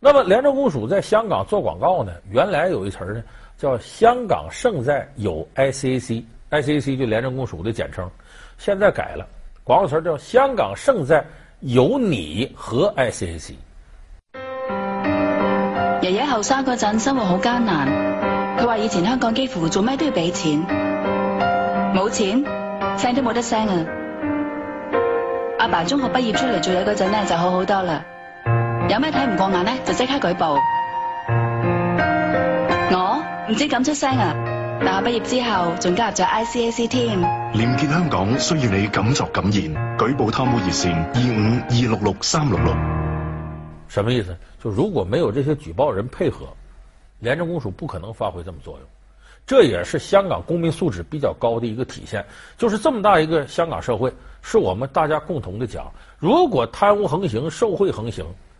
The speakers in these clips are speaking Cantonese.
那麼廉政公署在香港做廣告呢，原來有一詞兒呢，叫“香港勝在有 ICAC”，ICAC ICAC 就廉政公署的簡稱。現在改了，廣告詞叫“香港勝在有你和 ICAC”。爺爺後生嗰陣生活好艱難，佢話以前香港幾乎做咩都要俾錢，冇錢，聲都冇得聲啊。阿爸中學畢業出嚟做嘢嗰陣呢，就好好多啦。有咩睇唔過眼呢？就即刻舉報。我、哦、唔知咁出聲啊！大學畢業之後仲加入咗 I C A C 添。廉潔香港需要你敢作敢言，舉報貪污熱線二五二六六三六六。什麼意思？就如果沒有這些舉報人配合，廉政公署不可能發揮這麼作用。這也是香港公民素質比較高的一個體現。就是這麼大一個香港社會，是我們大家共同的講如果貪污橫行、受賄橫行。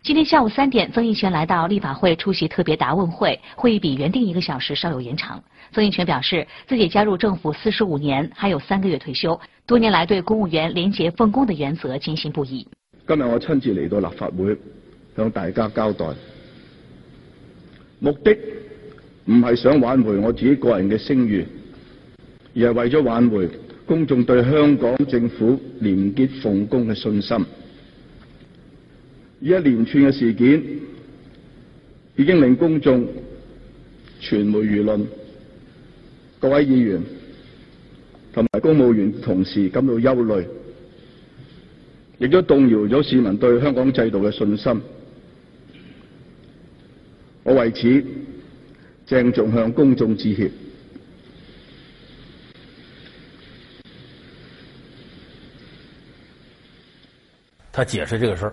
今天下午三點，曾蔭權來到立法會出席特別答問會，會議比原定一個小時稍有延長。曾蔭權表示，自己加入政府四十五年，還有三個月退休，多年來對公務員廉潔奉公的原則堅信不移。今日我親自嚟到立法會向大家交代，目的唔係想挽回我自己個人嘅聲譽，而係為咗挽回公眾對香港政府廉潔奉公嘅信心。呢一連串嘅事件，已經令公眾、傳媒、輿論、各位議員同埋公務員同時感到憂慮，亦都動搖咗市民對香港制度嘅信心。我為此鄭重向公眾致歉。他解釋這個事兒。